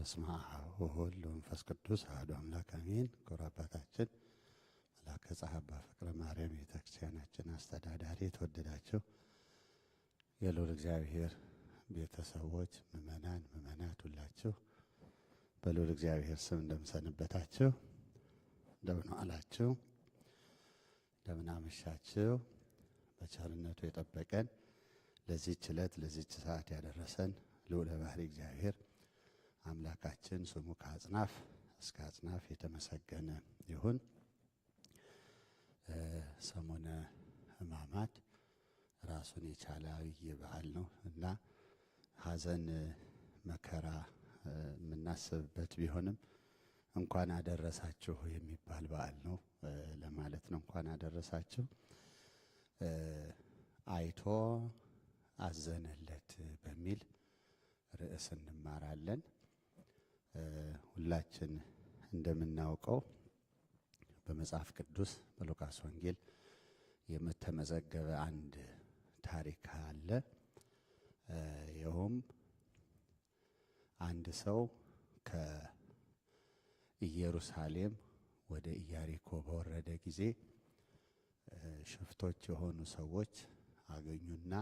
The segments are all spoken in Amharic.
በስመ አብ ወወልድ ወመንፈስ ቅዱስ አሐዱ አምላክ አሜን። ክቡር አባታችን መልአከ ጸሐባ ፍቅረ ማርያም ቤተክርስቲያናችን አስተዳዳሪ፣ የተወደዳቸው የልዑል እግዚአብሔር ቤተሰቦች፣ ምእመናን፣ ምእመናት ሁላችሁ በልዑል እግዚአብሔር ስም እንደምሰንበታችሁ፣ እንደምን አላችሁ፣ እንደምን አመሻችሁ። በቸርነቱ የጠበቀን ለዚች ዕለት ለዚች ሰዓት ያደረሰን ልዑለ ባሕርይ እግዚአብሔር አምላካችን ስሙ ከአጽናፍ እስከ አጽናፍ የተመሰገነ ይሁን። ሰሙነ ሕማማት ራሱን የቻለ አብይ በዓል ነው እና ሐዘን መከራ የምናስብበት ቢሆንም እንኳን አደረሳችሁ የሚባል በዓል ነው ለማለት ነው። እንኳን አደረሳችሁ። አይቶ አዘነለት በሚል ርዕስ እንማራለን። ሁላችን እንደምናውቀው በመጽሐፍ ቅዱስ በሉቃስ ወንጌል የተመዘገበ አንድ ታሪክ አለ። ይኸውም አንድ ሰው ከኢየሩሳሌም ወደ ኢያሪኮ በወረደ ጊዜ ሽፍቶች የሆኑ ሰዎች አገኙና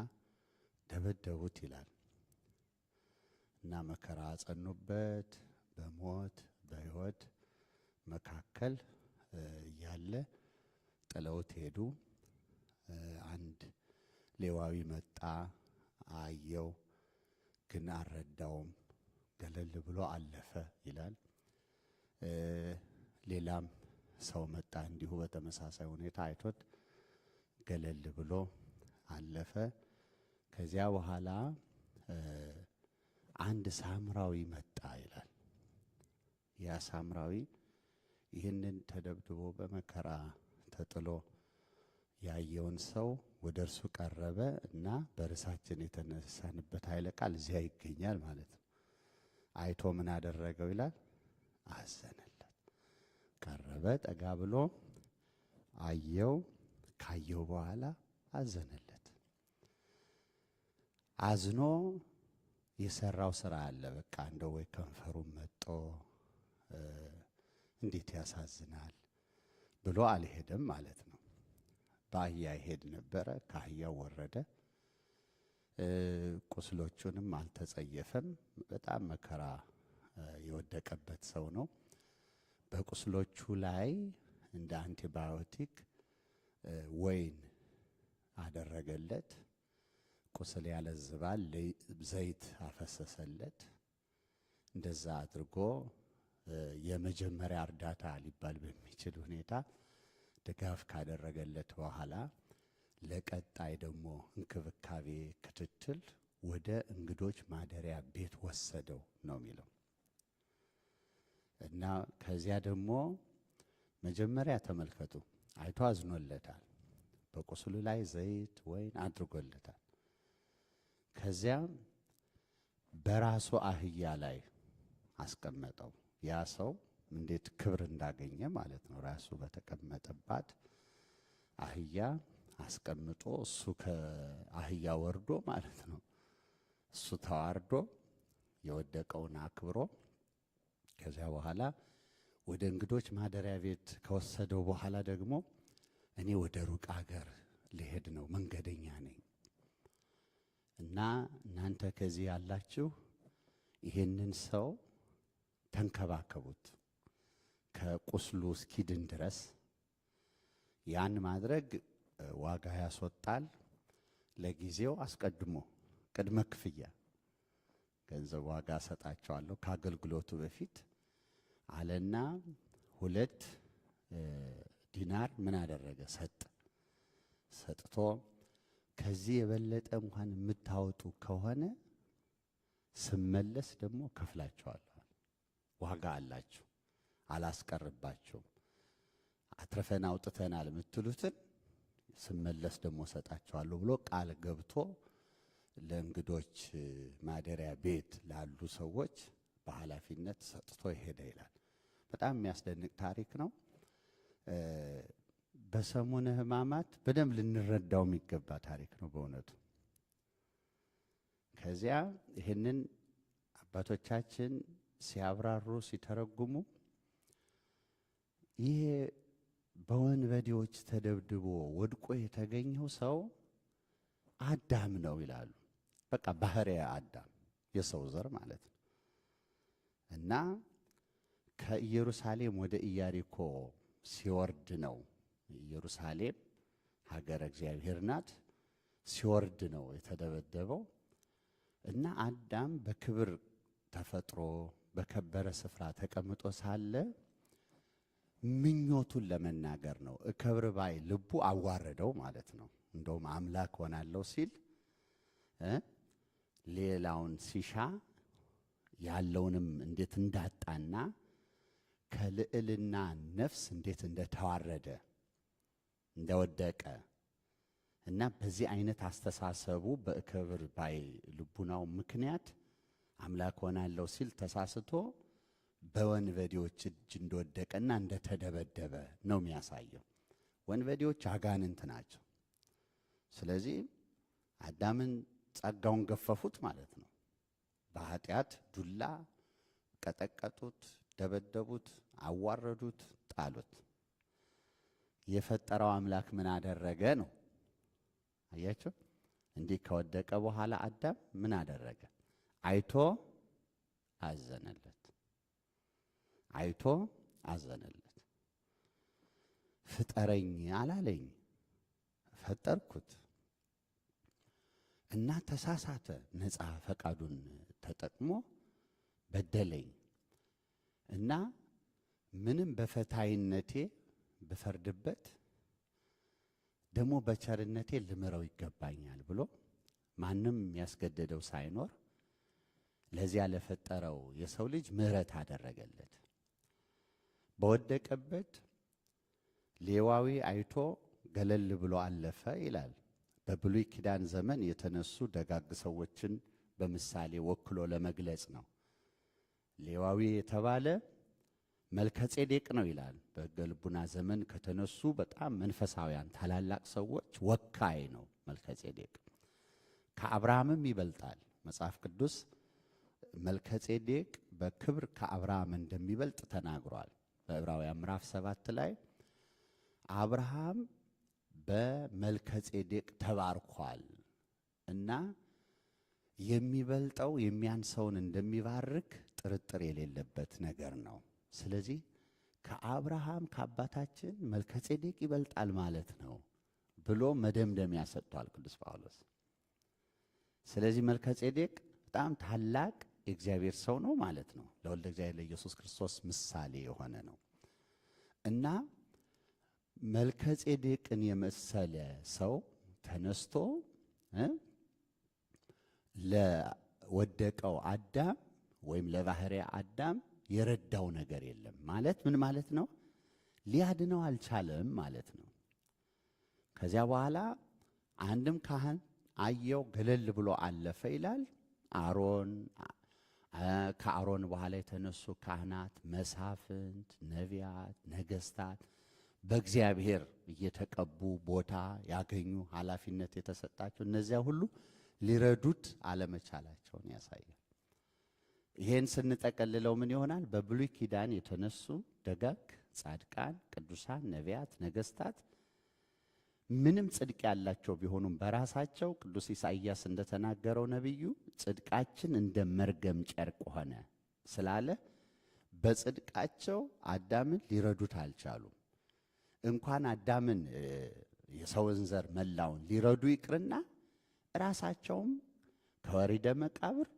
ደበደቡት ይላል እና መከራ አጸኑበት። በሞት በህይወት መካከል እያለ ጥለውት ሄዱ። አንድ ሌዋዊ መጣ፣ አየው፣ ግን አልረዳውም። ገለል ብሎ አለፈ ይላል። ሌላም ሰው መጣ፣ እንዲሁ በተመሳሳይ ሁኔታ አይቶት ገለል ብሎ አለፈ። ከዚያ በኋላ አንድ ሳምራዊ መጣ ይላል። ያ ሳምራዊ ይህንን ተደብድቦ በመከራ ተጥሎ ያየውን ሰው ወደ እርሱ ቀረበ እና በርሳችን የተነሳንበት ኃይለ ቃል እዚያ ይገኛል ማለት ነው። አይቶ ምን አደረገው ይላል? አዘነለት። ቀረበ፣ ጠጋ ብሎ አየው። ካየው በኋላ አዘነለት። አዝኖ የሰራው ስራ አለ። በቃ እንደ ወይ ከንፈሩ መጦ እንዴት ያሳዝናል ብሎ አልሄደም ማለት ነው። በአህያ ይሄድ ነበረ። ከአህያው ወረደ። ቁስሎቹንም አልተጸየፈም። በጣም መከራ የወደቀበት ሰው ነው። በቁስሎቹ ላይ እንደ አንቲባዮቲክ ወይን አደረገለት። ቁስል ያለዝባል ዘይት አፈሰሰለት። እንደዛ አድርጎ የመጀመሪያ እርዳታ ሊባል በሚችል ሁኔታ ድጋፍ ካደረገለት በኋላ ለቀጣይ ደግሞ እንክብካቤ ክትትል ወደ እንግዶች ማደሪያ ቤት ወሰደው ነው የሚለው እና ከዚያ ደግሞ መጀመሪያ ተመልከቱ፣ አይቶ አዝኖለታል። በቁስሉ ላይ ዘይት ወይን አድርጎለታል። ከዚያም በራሱ አህያ ላይ አስቀመጠው። ያ ሰው እንዴት ክብር እንዳገኘ ማለት ነው። ራሱ በተቀመጠባት አህያ አስቀምጦ እሱ ከአህያ ወርዶ ማለት ነው። እሱ ተዋርዶ የወደቀውን አክብሮ ከዚያ በኋላ ወደ እንግዶች ማደሪያ ቤት ከወሰደው በኋላ ደግሞ እኔ ወደ ሩቅ አገር ልሄድ ነው፣ መንገደኛ ነኝ እና እናንተ ከዚህ ያላችሁ ይህንን ሰው ተንከባከቡት ከቁስሉ እስኪድን ድረስ። ያን ማድረግ ዋጋ ያስወጣል። ለጊዜው አስቀድሞ ቅድመ ክፍያ ገንዘብ ዋጋ ሰጣቸዋለሁ ከአገልግሎቱ በፊት አለና ሁለት ዲናር ምን አደረገ ሰጥ ሰጥቶ ከዚህ የበለጠ እንኳን የምታወጡ ከሆነ ስመለስ ደግሞ ከፍላቸዋለሁ። ዋጋ አላችሁ። አላስቀርባቸውም። አትርፈን አውጥተናል የምትሉትን ስመለስ ደግሞ ሰጣችኋለሁ ብሎ ቃል ገብቶ ለእንግዶች ማደሪያ ቤት ላሉ ሰዎች በኃላፊነት ሰጥቶ ይሄደ ይላል። በጣም የሚያስደንቅ ታሪክ ነው። በሰሙነ ሕማማት በደንብ ልንረዳው የሚገባ ታሪክ ነው በእውነቱ። ከዚያ ይህንን አባቶቻችን ሲያብራሩ ሲተረጉሙ ይሄ በወንበዴዎች ተደብድቦ ወድቆ የተገኘው ሰው አዳም ነው ይላሉ። በቃ ባህሪያ አዳም የሰው ዘር ማለት ነው። እና ከኢየሩሳሌም ወደ ኢያሪኮ ሲወርድ ነው። ኢየሩሳሌም ሀገረ እግዚአብሔር ናት። ሲወርድ ነው የተደበደበው። እና አዳም በክብር ተፈጥሮ በከበረ ስፍራ ተቀምጦ ሳለ ምኞቱን ለመናገር ነው። እከብር ባይ ልቡ አዋረደው ማለት ነው። እንደውም አምላክ ሆናለሁ ሲል ሌላውን ሲሻ ያለውንም እንዴት እንዳጣና ከልዕልና ነፍስ እንዴት እንደተዋረደ እንደወደቀ እና በዚህ አይነት አስተሳሰቡ በእከብር ባይ ልቡናው ምክንያት አምላክ ሆናለሁ ሲል ተሳስቶ በወንበዴዎች እጅ እንደወደቀና እንደተደበደበ ነው የሚያሳየው። ወንበዴዎች አጋንንት ናቸው። ስለዚህ አዳምን ጸጋውን ገፈፉት ማለት ነው። በኃጢአት ዱላ ቀጠቀጡት፣ ደበደቡት፣ አዋረዱት፣ ጣሉት። የፈጠረው አምላክ ምን አደረገ ነው አያቸው። እንዲህ ከወደቀ በኋላ አዳም ምን አደረገ? አይቶ አዘነለት። አይቶ አዘነለት። ፍጠረኝ አላለኝ፣ ፈጠርኩት እና ተሳሳተ። ነፃ ፈቃዱን ተጠቅሞ በደለኝ እና ምንም በፈታይነቴ ብፈርድበት ደግሞ በቸርነቴ ልምረው ይገባኛል ብሎ ማንም ያስገደደው ሳይኖር ለዚያ ለፈጠረው የሰው ልጅ ምሕረት አደረገለት። በወደቀበት ሌዋዊ አይቶ ገለል ብሎ አለፈ ይላል። በብሉይ ኪዳን ዘመን የተነሱ ደጋግ ሰዎችን በምሳሌ ወክሎ ለመግለጽ ነው። ሌዋዊ የተባለ መልከ ጼዴቅ ነው ይላል። በሕገ ልቡና ዘመን ከተነሱ በጣም መንፈሳውያን ታላላቅ ሰዎች ወካይ ነው መልከ ጼዴቅ። ከአብርሃምም ይበልጣል መጽሐፍ ቅዱስ መልከጼዴቅ በክብር ከአብርሃም እንደሚበልጥ ተናግሯል። በዕብራውያን ምዕራፍ ሰባት ላይ አብርሃም በመልከጼዴቅ ተባርኳል እና የሚበልጠው የሚያንሰውን እንደሚባርክ ጥርጥር የሌለበት ነገር ነው። ስለዚህ ከአብርሃም ከአባታችን መልከጼዴቅ ይበልጣል ማለት ነው ብሎ መደምደሚያ ሰጥቷል ቅዱስ ጳውሎስ። ስለዚህ መልከጼዴቅ በጣም ታላቅ የእግዚአብሔር ሰው ነው ማለት ነው። ለወልደ እግዚአብሔር ለኢየሱስ ክርስቶስ ምሳሌ የሆነ ነው እና መልከጼዴቅን የመሰለ ሰው ተነስቶ ለወደቀው አዳም ወይም ለባህሪያ አዳም የረዳው ነገር የለም ማለት ምን ማለት ነው? ሊያድነው አልቻለም ማለት ነው። ከዚያ በኋላ አንድም ካህን አየው ገለል ብሎ አለፈ ይላል። አሮን ከአሮን በኋላ የተነሱ ካህናት፣ መሳፍንት፣ ነቢያት፣ ነገስታት በእግዚአብሔር እየተቀቡ ቦታ ያገኙ ኃላፊነት የተሰጣቸው እነዚያ ሁሉ ሊረዱት አለመቻላቸውን ያሳያል። ይሄን ስንጠቀልለው ምን ይሆናል? በብሉይ ኪዳን የተነሱ ደጋግ ጻድቃን፣ ቅዱሳን፣ ነቢያት፣ ነገስታት ምንም ጽድቅ ያላቸው ቢሆኑም በራሳቸው ቅዱስ ኢሳይያስ እንደተናገረው ነቢዩ ጽድቃችን እንደ መርገም ጨርቅ ሆነ ስላለ በጽድቃቸው አዳምን ሊረዱት አልቻሉም። እንኳን አዳምን የሰውን ዘር መላውን ሊረዱ ይቅርና ራሳቸውም ከወሪደ መቃብር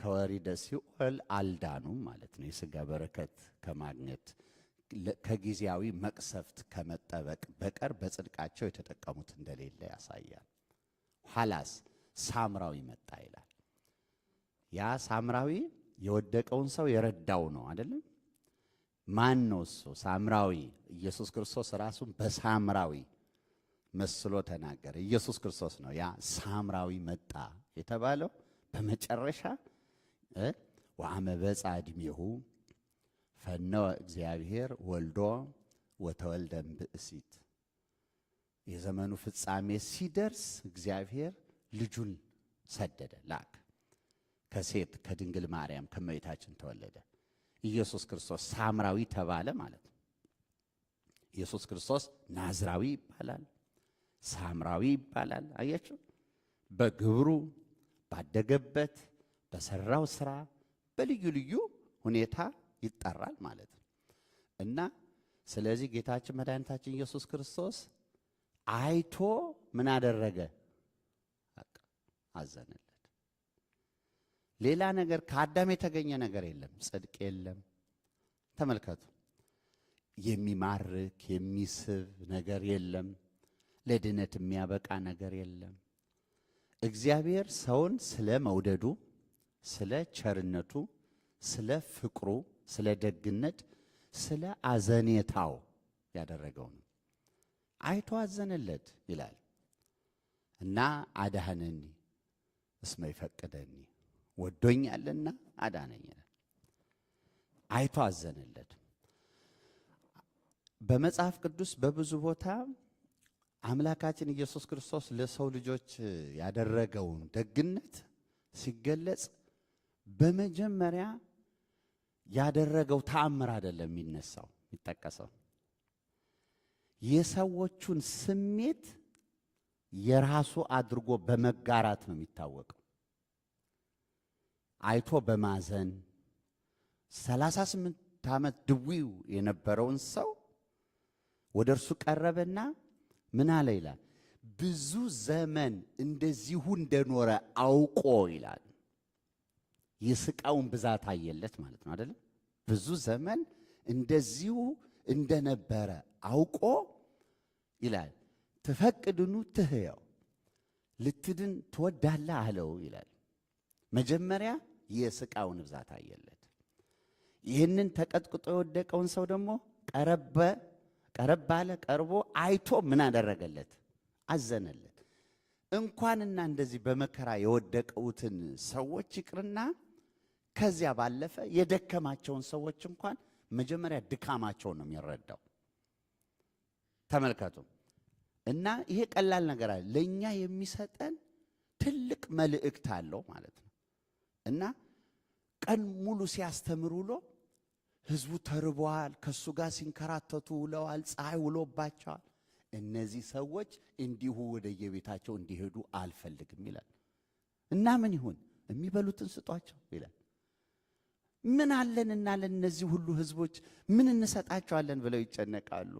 ከወሪደ ሲኦል አልዳኑም ማለት ነው የሥጋ በረከት ከማግኘት ከጊዜያዊ መቅሰፍት ከመጠበቅ በቀር በጽድቃቸው የተጠቀሙት እንደሌለ ያሳያል። ኋላስ ሳምራዊ መጣ ይላል። ያ ሳምራዊ የወደቀውን ሰው የረዳው ነው አይደለም? ማን ነው እሱ? ሳምራዊ። ኢየሱስ ክርስቶስ ራሱን በሳምራዊ መስሎ ተናገረ። ኢየሱስ ክርስቶስ ነው ያ ሳምራዊ መጣ የተባለው በመጨረሻ ወአመበጻ እድሜሁ? ዕድሜሁ ፈነወ እግዚአብሔር ወልዶ ወተወልደ እምብእሲት። የዘመኑ ፍጻሜ ሲደርስ እግዚአብሔር ልጁን ሰደደ ላክ ከሴት ከድንግል ማርያም ከመቤታችን ተወለደ። ኢየሱስ ክርስቶስ ሳምራዊ ተባለ ማለት ነው። ኢየሱስ ክርስቶስ ናዝራዊ ይባላል፣ ሳምራዊ ይባላል። አያችሁ፣ በግብሩ ባደገበት፣ በሰራው ስራ፣ በልዩ ልዩ ሁኔታ ይጠራል ማለት ነው እና ስለዚህ ጌታችን መድኃኒታችን ኢየሱስ ክርስቶስ አይቶ ምን አደረገ? አዘነለት። ሌላ ነገር ከአዳም የተገኘ ነገር የለም፣ ጽድቅ የለም። ተመልከቱ፣ የሚማርክ የሚስብ ነገር የለም፣ ለድነት የሚያበቃ ነገር የለም። እግዚአብሔር ሰውን ስለ መውደዱ፣ ስለ ቸርነቱ፣ ስለ ፍቅሩ ስለ ደግነት፣ ስለ አዘኔታው ያደረገው ነው። አይቶ አዘነለት ይላል እና አዳህነኒ እስመ ይፈቅደኒ ወዶኛልና አዳነኝ። አይቶ አዘነለት። በመጽሐፍ ቅዱስ በብዙ ቦታ አምላካችን ኢየሱስ ክርስቶስ ለሰው ልጆች ያደረገውን ደግነት ሲገለጽ በመጀመሪያ ያደረገው ተአምር አይደለም የሚነሳው የሚጠቀሰው የሰዎቹን ስሜት የራሱ አድርጎ በመጋራት ነው የሚታወቀው። አይቶ በማዘን 38 ዓመት ድዊው የነበረውን ሰው ወደ እርሱ ቀረበና ምን አለ ይላል ብዙ ዘመን እንደዚሁ እንደኖረ አውቆ ይላል የስቃውን ብዛት አየለት ማለት ነው አደለም። ብዙ ዘመን እንደዚሁ እንደነበረ አውቆ ይላል ትፈቅድኑ ትህየው ልትድን ትወዳለህ አለው ይላል። መጀመሪያ የስቃውን ብዛት አየለት። ይህንን ተቀጥቅጦ የወደቀውን ሰው ደግሞ ቀረበ ቀረብ አለ። ቀርቦ አይቶ ምን አደረገለት? አዘነለት። እንኳንና እንደዚህ በመከራ የወደቀውትን ሰዎች ይቅርና ከዚያ ባለፈ የደከማቸውን ሰዎች እንኳን መጀመሪያ ድካማቸውን ነው የሚረዳው። ተመልከቱ እና ይሄ ቀላል ነገር አለ ለእኛ የሚሰጠን ትልቅ መልእክት አለው ማለት ነው። እና ቀን ሙሉ ሲያስተምር ውሎ ህዝቡ ተርበዋል። ከእሱ ጋር ሲንከራተቱ ውለዋል። ፀሐይ ውሎባቸዋል። እነዚህ ሰዎች እንዲሁ ወደየቤታቸው እንዲሄዱ አልፈልግም ይላል እና ምን ይሁን የሚበሉትን ስጧቸው ይላል። ምን አለንና ለእነዚህ ሁሉ ህዝቦች ምን እንሰጣቸዋለን ብለው ይጨነቃሉ።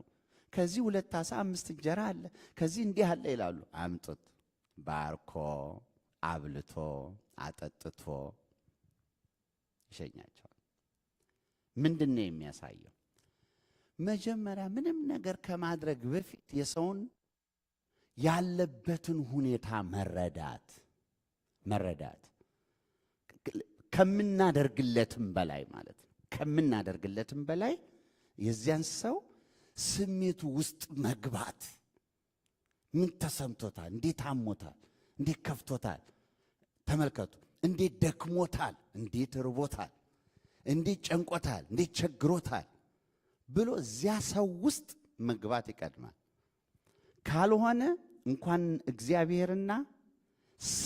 ከዚህ ሁለት አሳ አምስት እንጀራ አለ፣ ከዚህ እንዲህ አለ ይላሉ። አምጡት። ባርኮ አብልቶ አጠጥቶ ይሸኛቸዋል። ምንድን ነው የሚያሳየው? መጀመሪያ ምንም ነገር ከማድረግ በፊት የሰውን ያለበትን ሁኔታ መረዳት መረዳት ከምናደርግለትም በላይ ማለት ነው። ከምናደርግለትም በላይ የዚያን ሰው ስሜቱ ውስጥ መግባት ምን ተሰምቶታል? እንዴት አሞታል? እንዴት ከፍቶታል? ተመልከቱ። እንዴት ደክሞታል? እንዴት ርቦታል? እንዴት ጨንቆታል? እንዴት ቸግሮታል ብሎ እዚያ ሰው ውስጥ መግባት ይቀድማል። ካልሆነ እንኳን እግዚአብሔርና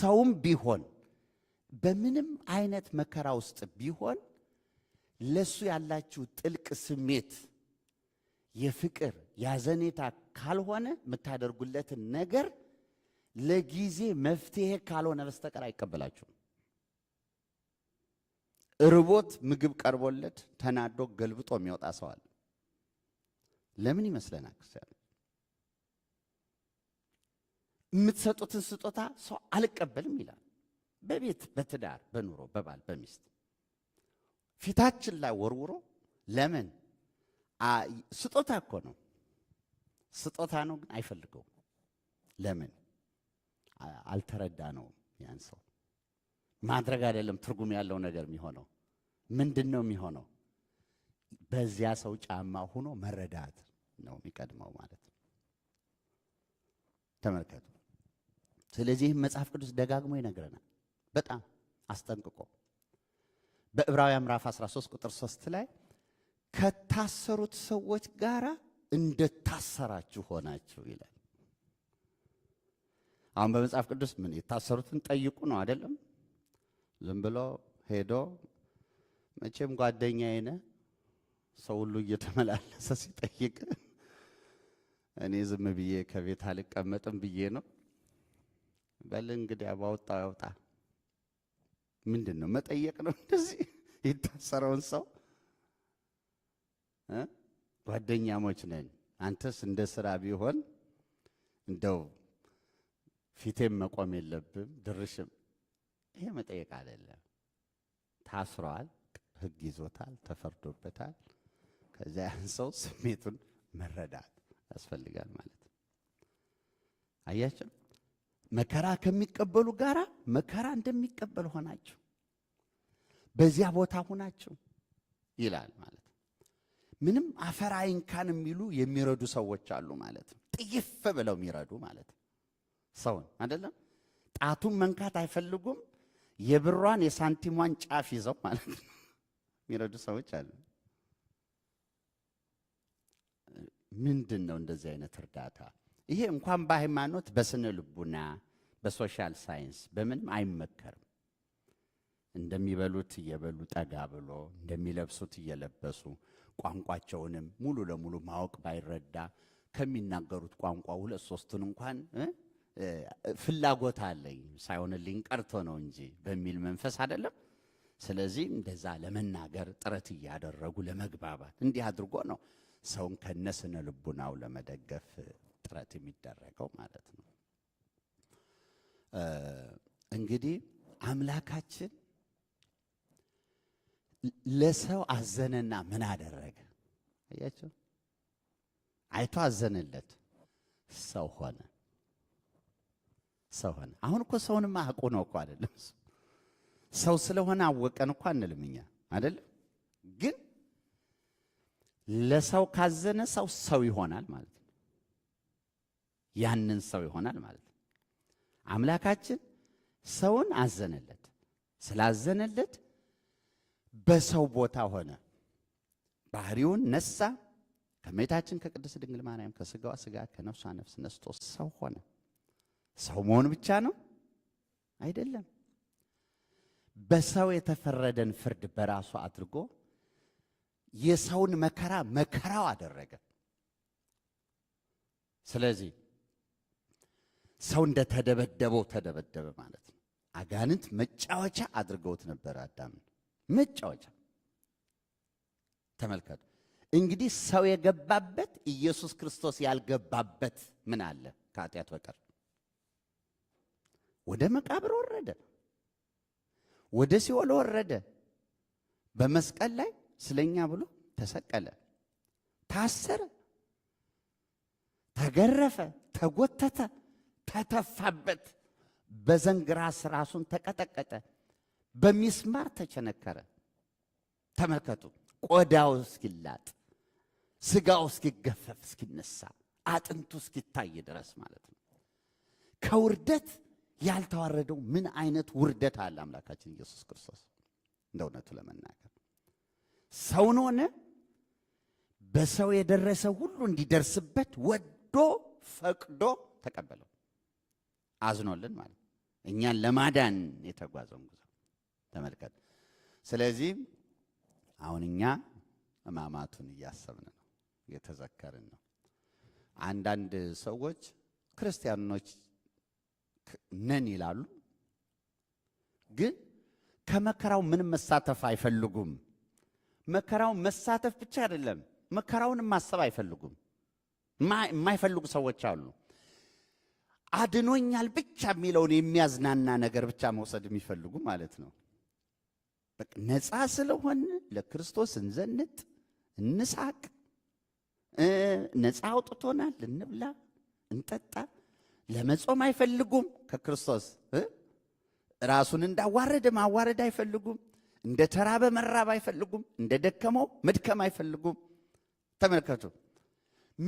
ሰውም ቢሆን በምንም አይነት መከራ ውስጥ ቢሆን ለሱ ያላችሁ ጥልቅ ስሜት የፍቅር ያዘኔታ ካልሆነ የምታደርጉለትን ነገር ለጊዜ መፍትሄ ካልሆነ በስተቀር አይቀበላችሁም። ርቦት ምግብ ቀርቦለት ተናዶ ገልብጦ የሚወጣ ሰው አለ። ለምን ይመስለናል? ክርስቲያን የምትሰጡትን ስጦታ ሰው አልቀበልም ይላል። በቤት በትዳር በኑሮ በባል በሚስት ፊታችን ላይ ወርውሮ ለምን ስጦታ እኮ ነው ስጦታ ነው ግን አይፈልገው? ለምን አልተረዳ ነው ያን ሰው ማድረግ አይደለም ትርጉም ያለው ነገር የሚሆነው ምንድን ነው የሚሆነው በዚያ ሰው ጫማ ሆኖ መረዳት ነው የሚቀድመው ማለት ነው ተመልከቱ ስለዚህ መጽሐፍ ቅዱስ ደጋግሞ ይነግረናል በጣም አስጠንቅቆ በዕብራውያን ምዕራፍ 13 ቁጥር 3 ላይ ከታሰሩት ሰዎች ጋር እንደታሰራችሁ ሆናችሁ ይላል። አሁን በመጽሐፍ ቅዱስ ምን የታሰሩትን ጠይቁ ነው አይደለም? ዝም ብሎ ሄዶ መቼም ጓደኛዬ ነህ ሰው ሁሉ እየተመላለሰ ሲጠይቅ እኔ ዝም ብዬ ከቤት አልቀመጥም ብዬ ነው። በል እንግዲህ ባወጣ ያውጣ ምንድን ነው መጠየቅ ነው እንደዚህ የታሰረውን ሰው ጓደኛሞች ነን። አንተስ እንደ ስራ ቢሆን እንደው ፊቴም መቆም የለብም ድርሽም። ይሄ መጠየቅ አይደለም። ታስሯል፣ ህግ ይዞታል፣ ተፈርዶበታል። ከዚያ ያን ሰው ስሜቱን መረዳት ያስፈልጋል ማለት ነው። አያቸው መከራ ከሚቀበሉ ጋራ መከራ እንደሚቀበል ሆናችሁ በዚያ ቦታ ሁናችሁ ይላል ማለት ነው። ምንም አፈር አይንካን የሚሉ የሚረዱ ሰዎች አሉ ማለት ነው። ጥይፍ ብለው የሚረዱ ማለት ነው። ሰውን አይደለም ጣቱን መንካት አይፈልጉም። የብሯን የሳንቲሟን ጫፍ ይዘው ማለት ነው የሚረዱ ሰዎች አሉ። ምንድን ነው እንደዚህ አይነት እርዳታ? ይሄ እንኳን በሃይማኖት በስነ ልቡና በሶሻል ሳይንስ በምንም አይመከርም። እንደሚበሉት እየበሉ ጠጋ ብሎ እንደሚለብሱት እየለበሱ ቋንቋቸውንም ሙሉ ለሙሉ ማወቅ ባይረዳ ከሚናገሩት ቋንቋ ሁለት ሶስቱን እንኳን ፍላጎት አለኝ ሳይሆንልኝ ቀርቶ ነው እንጂ በሚል መንፈስ አይደለም። ስለዚህ እንደዛ ለመናገር ጥረት እያደረጉ ለመግባባት እንዲህ አድርጎ ነው ሰውን ከነ ስነ ልቡናው ለመደገፍ ጥረት የሚደረገው ማለት ነው። እንግዲህ አምላካችን ለሰው አዘነና ምን አደረገ? አያቸው አይቶ አዘነለት፣ ሰው ሆነ። ሰው ሆነ። አሁን እኮ ሰውንማ አቁ ነው እኮ አይደለም። ሰው ስለሆነ አወቀን እኮ አንልም እኛ አይደለም። ግን ለሰው ካዘነ ሰው ሰው ይሆናል ማለት ነው። ያንን ሰው ይሆናል ማለት ነው። አምላካችን ሰውን አዘነለት። ስላዘነለት በሰው ቦታ ሆነ፣ ባህሪውን ነሳ። ከእመቤታችን ከቅድስት ድንግል ማርያም ከስጋዋ ስጋ ከነፍሷ ነፍስ ነስቶ ሰው ሆነ። ሰው መሆን ብቻ ነው አይደለም። በሰው የተፈረደን ፍርድ በራሱ አድርጎ የሰውን መከራ መከራው አደረገ። ስለዚህ ሰው እንደተደበደበው ተደበደበ ማለት ነው። አጋንንት መጫወቻ አድርገውት ነበር አዳምን መጫወቻ። ተመልከቱ እንግዲህ ሰው የገባበት ኢየሱስ ክርስቶስ ያልገባበት ምን አለ? ከኃጢአት በቀር ወደ መቃብር ወረደ፣ ወደ ሲኦል ወረደ። በመስቀል ላይ ስለኛ ብሎ ተሰቀለ፣ ታሰረ፣ ተገረፈ፣ ተጎተተ ተተፋበት፣ በዘንግ ራስ ራሱን ተቀጠቀጠ፣ በሚስማር ተቸነከረ። ተመልከቱ፣ ቆዳው እስኪላጥ፣ ስጋው እስኪገፈፍ፣ እስኪነሳ፣ አጥንቱ እስኪታይ ድረስ ማለት ነው። ከውርደት ያልተዋረደው ምን አይነት ውርደት አለ? አምላካችን ኢየሱስ ክርስቶስ እንደ እውነቱ ለመናገር ሰውን ሆነ በሰው የደረሰ ሁሉ እንዲደርስበት ወዶ ፈቅዶ ተቀበለው። አዝኖልን ማለት እኛን ለማዳን የተጓዘውን ጉዞ ተመልከት። ስለዚህ አሁን እኛ ሕማማቱን እያሰብን ነው፣ እየተዘከርን ነው። አንዳንድ ሰዎች ክርስቲያኖች ነን ይላሉ፣ ግን ከመከራው ምንም መሳተፍ አይፈልጉም። መከራው መሳተፍ ብቻ አይደለም፣ መከራውን ማሰብ አይፈልጉም። የማይፈልጉ ሰዎች አሉ። አድኖኛል ብቻ የሚለውን የሚያዝናና ነገር ብቻ መውሰድ የሚፈልጉ ማለት ነው። ነፃ ስለሆን ለክርስቶስ እንዘንጥ፣ እንሳቅ፣ ነፃ አውጥቶናል፣ እንብላ፣ እንጠጣ። ለመጾም አይፈልጉም። ከክርስቶስ ራሱን እንዳዋረደ ማዋረድ አይፈልጉም። እንደ ተራበ መራብ አይፈልጉም። እንደ ደከመው መድከም አይፈልጉም። ተመልከቱ።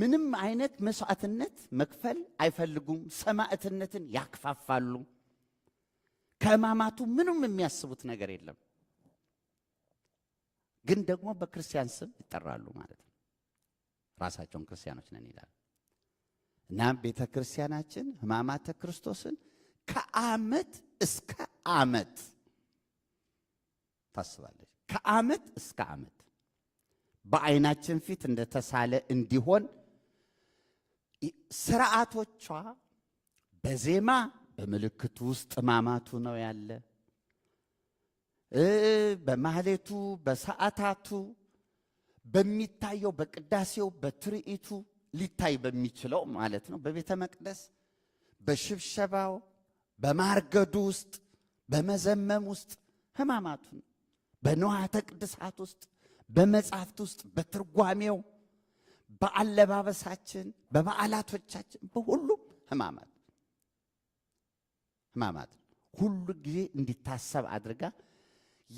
ምንም አይነት መስዋዕትነት መክፈል አይፈልጉም። ሰማዕትነትን ያክፋፋሉ። ከህማማቱ ምንም የሚያስቡት ነገር የለም። ግን ደግሞ በክርስቲያን ስም ይጠራሉ ማለት ነው። ራሳቸውን ክርስቲያኖች ነን ይላል። እናም ቤተ ክርስቲያናችን ህማማተ ክርስቶስን ከዓመት እስከ ዓመት ታስባለች። ከዓመት እስከ ዓመት በዓይናችን ፊት እንደተሳለ እንዲሆን ስርዓቶቿ በዜማ በምልክቱ ውስጥ ማማቱ ነው ያለ በማህሌቱ በሰዓታቱ በሚታየው በቅዳሴው በትርኢቱ ሊታይ በሚችለው ማለት ነው። በቤተ መቅደስ በሽብሸባው በማርገዱ ውስጥ በመዘመም ውስጥ ህማማቱ በንዋተ ቅድሳት ውስጥ በመጻሕፍት ውስጥ በትርጓሜው በአለባበሳችን፣ በበዓላቶቻችን፣ በሁሉም ህማማት ህማማት ሁሉ ጊዜ እንዲታሰብ አድርጋ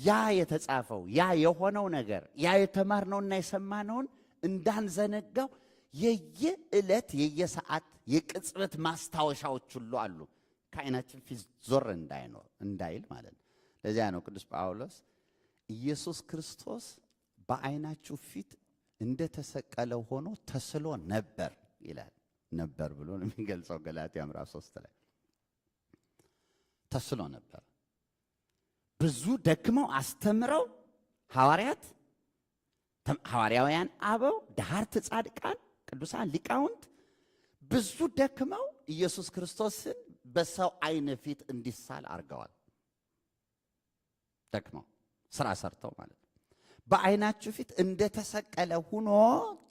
ያ የተጻፈው ያ የሆነው ነገር ያ የተማርነውና የሰማነውን እንዳንዘነጋው የየዕለት የየሰዓት የቅጽበት ማስታወሻዎች ሁሉ አሉ። ከዓይናችን ፊት ዞር እንዳይኖር እንዳይል ማለት ነው። ለዚያ ነው ቅዱስ ጳውሎስ ኢየሱስ ክርስቶስ በዓይናችሁ ፊት እንደ ተሰቀለ ሆኖ ተስሎ ነበር ይላል። ነበር ብሎ የሚገልጸው ገላትያ ምዕራፍ ሶስት ላይ ተስሎ ነበር። ብዙ ደክመው አስተምረው ሐዋርያት ሐዋርያውያን አበው ዳሃርት ጻድቃን ቅዱሳን ሊቃውንት ብዙ ደክመው ኢየሱስ ክርስቶስን በሰው ዓይን ፊት እንዲሳል አድርገዋል። ደክመው ስራ ሰርተው ማለት ነው። በዓይናችሁ ፊት እንደተሰቀለ ሁኖ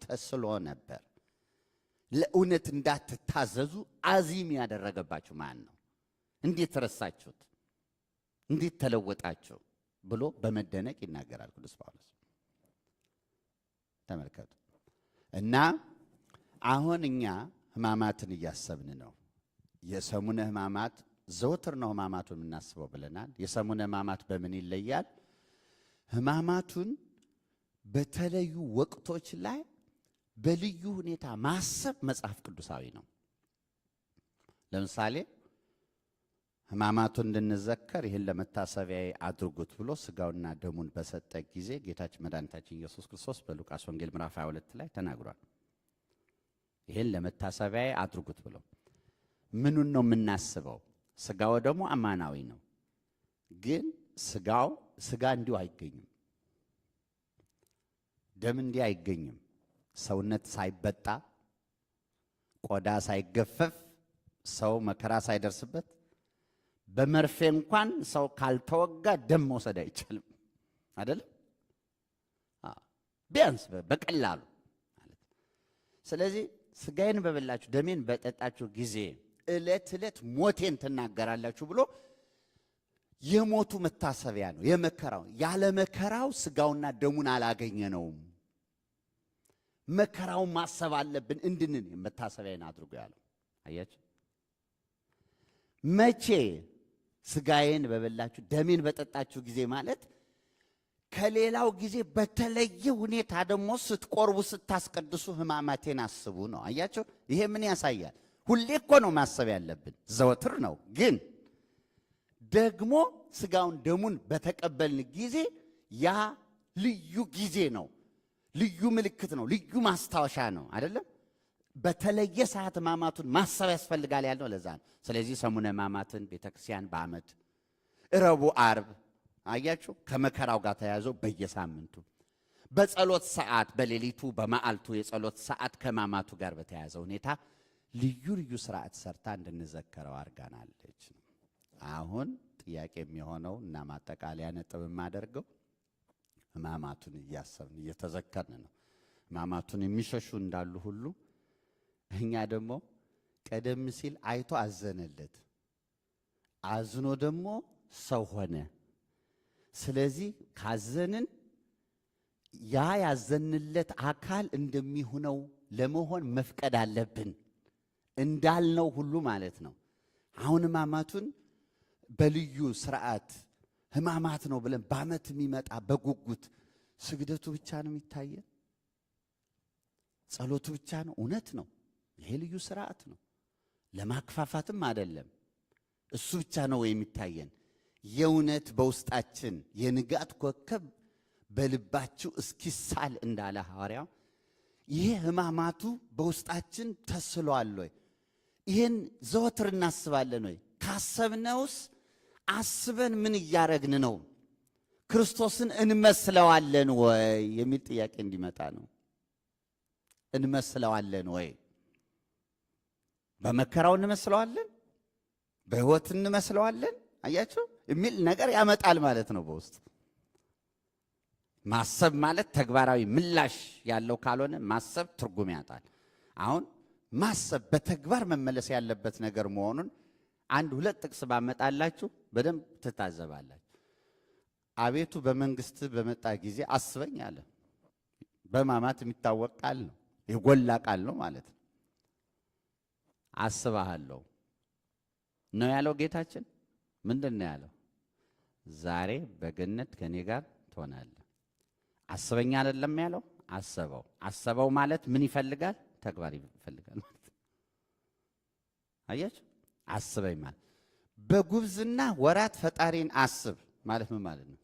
ተስሎ ነበር። ለእውነት እንዳትታዘዙ አዚም ያደረገባችሁ ማን ነው? እንዴት ረሳችሁት? እንዴት ተለወጣችሁ? ብሎ በመደነቅ ይናገራል ቅዱስ ጳውሎስ። ተመልከቱ እና አሁን እኛ ሕማማትን እያሰብን ነው። የሰሙነ ሕማማት ዘወትር ነው ሕማማቱን የምናስበው ብለናል። የሰሙነ ሕማማት በምን ይለያል? ሕማማቱን በተለዩ ወቅቶች ላይ በልዩ ሁኔታ ማሰብ መጽሐፍ ቅዱሳዊ ነው። ለምሳሌ ሕማማቱ እንድንዘከር ይህን ለመታሰቢያ አድርጉት ብሎ ስጋውና ደሙን በሰጠ ጊዜ ጌታችን መድኃኒታችን ኢየሱስ ክርስቶስ በሉቃስ ወንጌል ምዕራፍ 22 ላይ ተናግሯል። ይህን ለመታሰቢያ አድርጉት ብሎ ምኑን ነው የምናስበው? ስጋው ደግሞ አማናዊ ነው፣ ግን ስጋው ስጋ እንዲሁ አይገኝም። ደም እንዲህ አይገኝም። ሰውነት ሳይበጣ ቆዳ ሳይገፈፍ ሰው መከራ ሳይደርስበት በመርፌ እንኳን ሰው ካልተወጋ ደም መውሰድ አይቻልም። አይደለም ቢያንስ በቀላሉ ማለት ስለዚህ ስጋዬን በበላችሁ ደሜን በጠጣችሁ ጊዜ እለት እለት ሞቴን ትናገራላችሁ ብሎ የሞቱ መታሰቢያ ነው። የመከራው ያለ መከራው ስጋውና ደሙን አላገኘ ነውም። መከራውን ማሰብ አለብን እንድንን መታሰቢያን አድርጎ ያለው አያችሁ። መቼ ስጋዬን በበላችሁ ደሜን በጠጣችሁ ጊዜ ማለት ከሌላው ጊዜ በተለየ ሁኔታ ደግሞ ስትቆርቡ ስታስቀድሱ ሕማማቴን አስቡ ነው። አያቸው ይሄ ምን ያሳያል? ሁሌ እኮ ነው ማሰብ ያለብን፣ ዘወትር ነው። ግን ደግሞ ስጋውን ደሙን በተቀበልን ጊዜ ያ ልዩ ጊዜ ነው። ልዩ ምልክት ነው፣ ልዩ ማስታወሻ ነው አይደለም። በተለየ ሰዓት ሕማማቱን ማሰብ ያስፈልጋል ያልነው ለዛ ነው። ስለዚህ ሰሙነ ሕማማትን ቤተ ክርስቲያን በዓመት እረቡ፣ አርብ አያችሁ ከመከራው ጋር ተያይዞ በየሳምንቱ በጸሎት ሰዓት በሌሊቱ በመዓልቱ የጸሎት ሰዓት ከሕማማቱ ጋር በተያያዘ ሁኔታ ልዩ ልዩ ስርዓት ሰርታ እንድንዘከረው አድርጋናለች። አሁን ጥያቄ የሚሆነው እና ማጠቃለያ ነጥብ የማደርገው ሕማማቱን እያሰብን እየተዘከርን ነው። ሕማማቱን የሚሸሹ እንዳሉ ሁሉ እኛ ደግሞ ቀደም ሲል አይቶ አዘነለት፣ አዝኖ ደግሞ ሰው ሆነ። ስለዚህ ካዘንን ያ ያዘንለት አካል እንደሚሆነው ለመሆን መፍቀድ አለብን እንዳልነው ሁሉ ማለት ነው። አሁን ሕማማቱን በልዩ ስርዓት ህማማት ነው ብለን በአመት የሚመጣ በጉጉት ስግደቱ ብቻ ነው የሚታየን። ጸሎቱ ብቻ ነው። እውነት ነው። ይሄ ልዩ ስርዓት ነው። ለማክፋፋትም አይደለም። እሱ ብቻ ነው የሚታየን። የእውነት በውስጣችን የንጋት ኮከብ በልባችሁ እስኪሳል እንዳለ ሐዋርያው ይሄ ህማማቱ በውስጣችን ተስሏል ወይ? ይህን ዘወትር እናስባለን ወይ? ካሰብነውስ አስበን ምን እያረግን ነው? ክርስቶስን እንመስለዋለን ወይ የሚል ጥያቄ እንዲመጣ ነው። እንመስለዋለን ወይ? በመከራው እንመስለዋለን፣ በሕይወት እንመስለዋለን። አያቸው የሚል ነገር ያመጣል ማለት ነው በውስጥ ማሰብ ማለት ተግባራዊ ምላሽ ያለው ካልሆነ ማሰብ ትርጉም ያጣል። አሁን ማሰብ በተግባር መመለስ ያለበት ነገር መሆኑን አንድ ሁለት ጥቅስ ባመጣላችሁ በደንብ ትታዘባላችሁ። አቤቱ በመንግስት በመጣ ጊዜ አስበኝ አለ። በማማት የሚታወቅ ቃል ነው፣ የጎላ ቃል ነው ማለት ነው። አስባሃለሁ ነው ያለው ጌታችን። ምንድን ነው ያለው? ዛሬ በገነት ከእኔ ጋር ትሆናለህ። አስበኝ አይደለም ያለው፣ አሰበው። አሰበው ማለት ምን ይፈልጋል? ተግባር ይፈልጋል ማለት አያችሁ። አስበኝ ማለት በጉብዝና ወራት ፈጣሪን አስብ ማለት ምን ማለት ነው?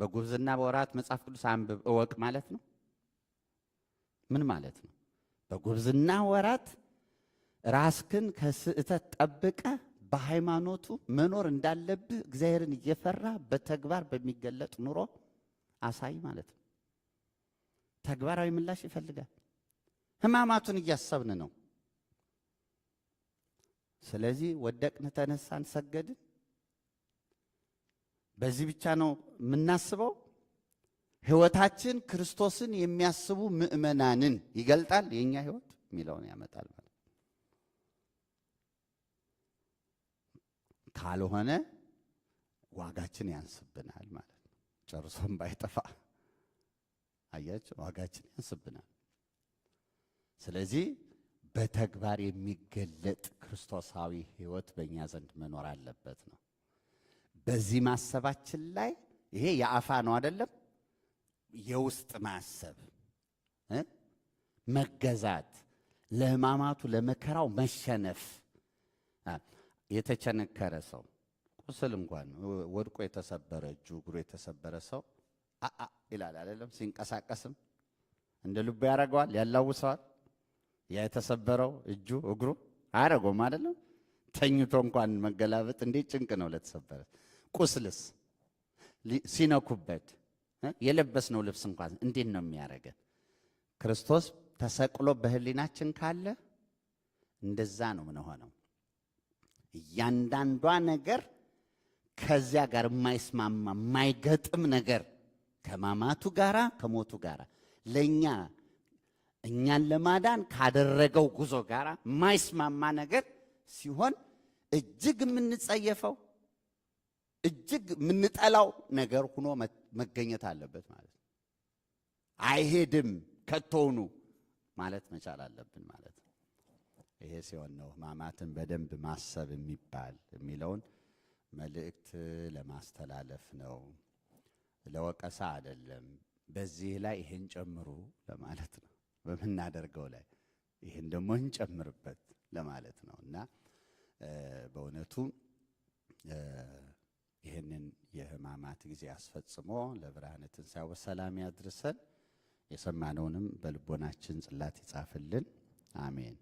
በጉብዝና ወራት መጽሐፍ ቅዱስ አንብብ እወቅ ማለት ነው? ምን ማለት ነው? በጉብዝና ወራት ራስክን ከስህተት ጠብቀ በሃይማኖቱ መኖር እንዳለብህ እግዚአብሔርን እየፈራ በተግባር በሚገለጥ ኑሮ አሳይ ማለት ነው። ተግባራዊ ምላሽ ይፈልጋል። ህማማቱን እያሰብን ነው። ስለዚህ ወደቅን፣ ተነሳን፣ ሰገድን። በዚህ ብቻ ነው የምናስበው። ህይወታችን ክርስቶስን የሚያስቡ ምእመናንን ይገልጣል። የእኛ ህይወት የሚለውን ያመጣል ማለት ካልሆነ ዋጋችን ያንስብናል ማለት ነው። ጨርሶም ባይጠፋ አያችሁ፣ ዋጋችን ያንስብናል። ስለዚህ በተግባር የሚገለጥ ክርስቶሳዊ ህይወት በእኛ ዘንድ መኖር አለበት ነው። በዚህ ማሰባችን ላይ ይሄ የአፋ ነው አይደለም፣ የውስጥ ማሰብ መገዛት፣ ለህማማቱ ለመከራው መሸነፍ። የተቸነከረ ሰው ቁስል እንኳን ወድቆ የተሰበረ እጁ እግሩ የተሰበረ ሰው አአ ይላል አይደለም። ሲንቀሳቀስም እንደ ልቡ ያደርገዋል፣ ያላውሰዋል። ያ የተሰበረው እጁ እግሩ አያረጎም አይደለም። ተኝቶ እንኳን መገላበጥ እንዴት ጭንቅ ነው ለተሰበረ። ቁስልስ ሲነኩበት የለበስነው ልብስ እንኳን እንዴት ነው የሚያደርገን? ክርስቶስ ተሰቅሎ በህሊናችን ካለ እንደዛ ነው ምንሆነው። እያንዳንዷ ነገር ከዚያ ጋር የማይስማማ የማይገጥም ነገር ከማማቱ ጋራ ከሞቱ ጋራ ለእኛ እኛን ለማዳን ካደረገው ጉዞ ጋር ማይስማማ ነገር ሲሆን እጅግ የምንጸየፈው እጅግ የምንጠላው ነገር ሆኖ መገኘት አለበት ማለት ነው። አይሄድም ከቶውኑ ማለት መቻል አለብን ማለት ነው። ይሄ ሲሆን ነው ሕማማትን በደንብ ማሰብ የሚባል የሚለውን መልእክት ለማስተላለፍ ነው። ለወቀሳ አይደለም። በዚህ ላይ ይሄን ጨምሩ ለማለት ነው። በምናደርገው ላይ ይህን ደግሞ እንጨምርበት ለማለት ነው እና በእውነቱ ይህንን የህማማት ጊዜ አስፈጽሞ ለብርሃነ ትንሣኤ በሰላም ያድርሰን። የሰማነውንም በልቦናችን ጽላት ይጻፍልን። አሜን።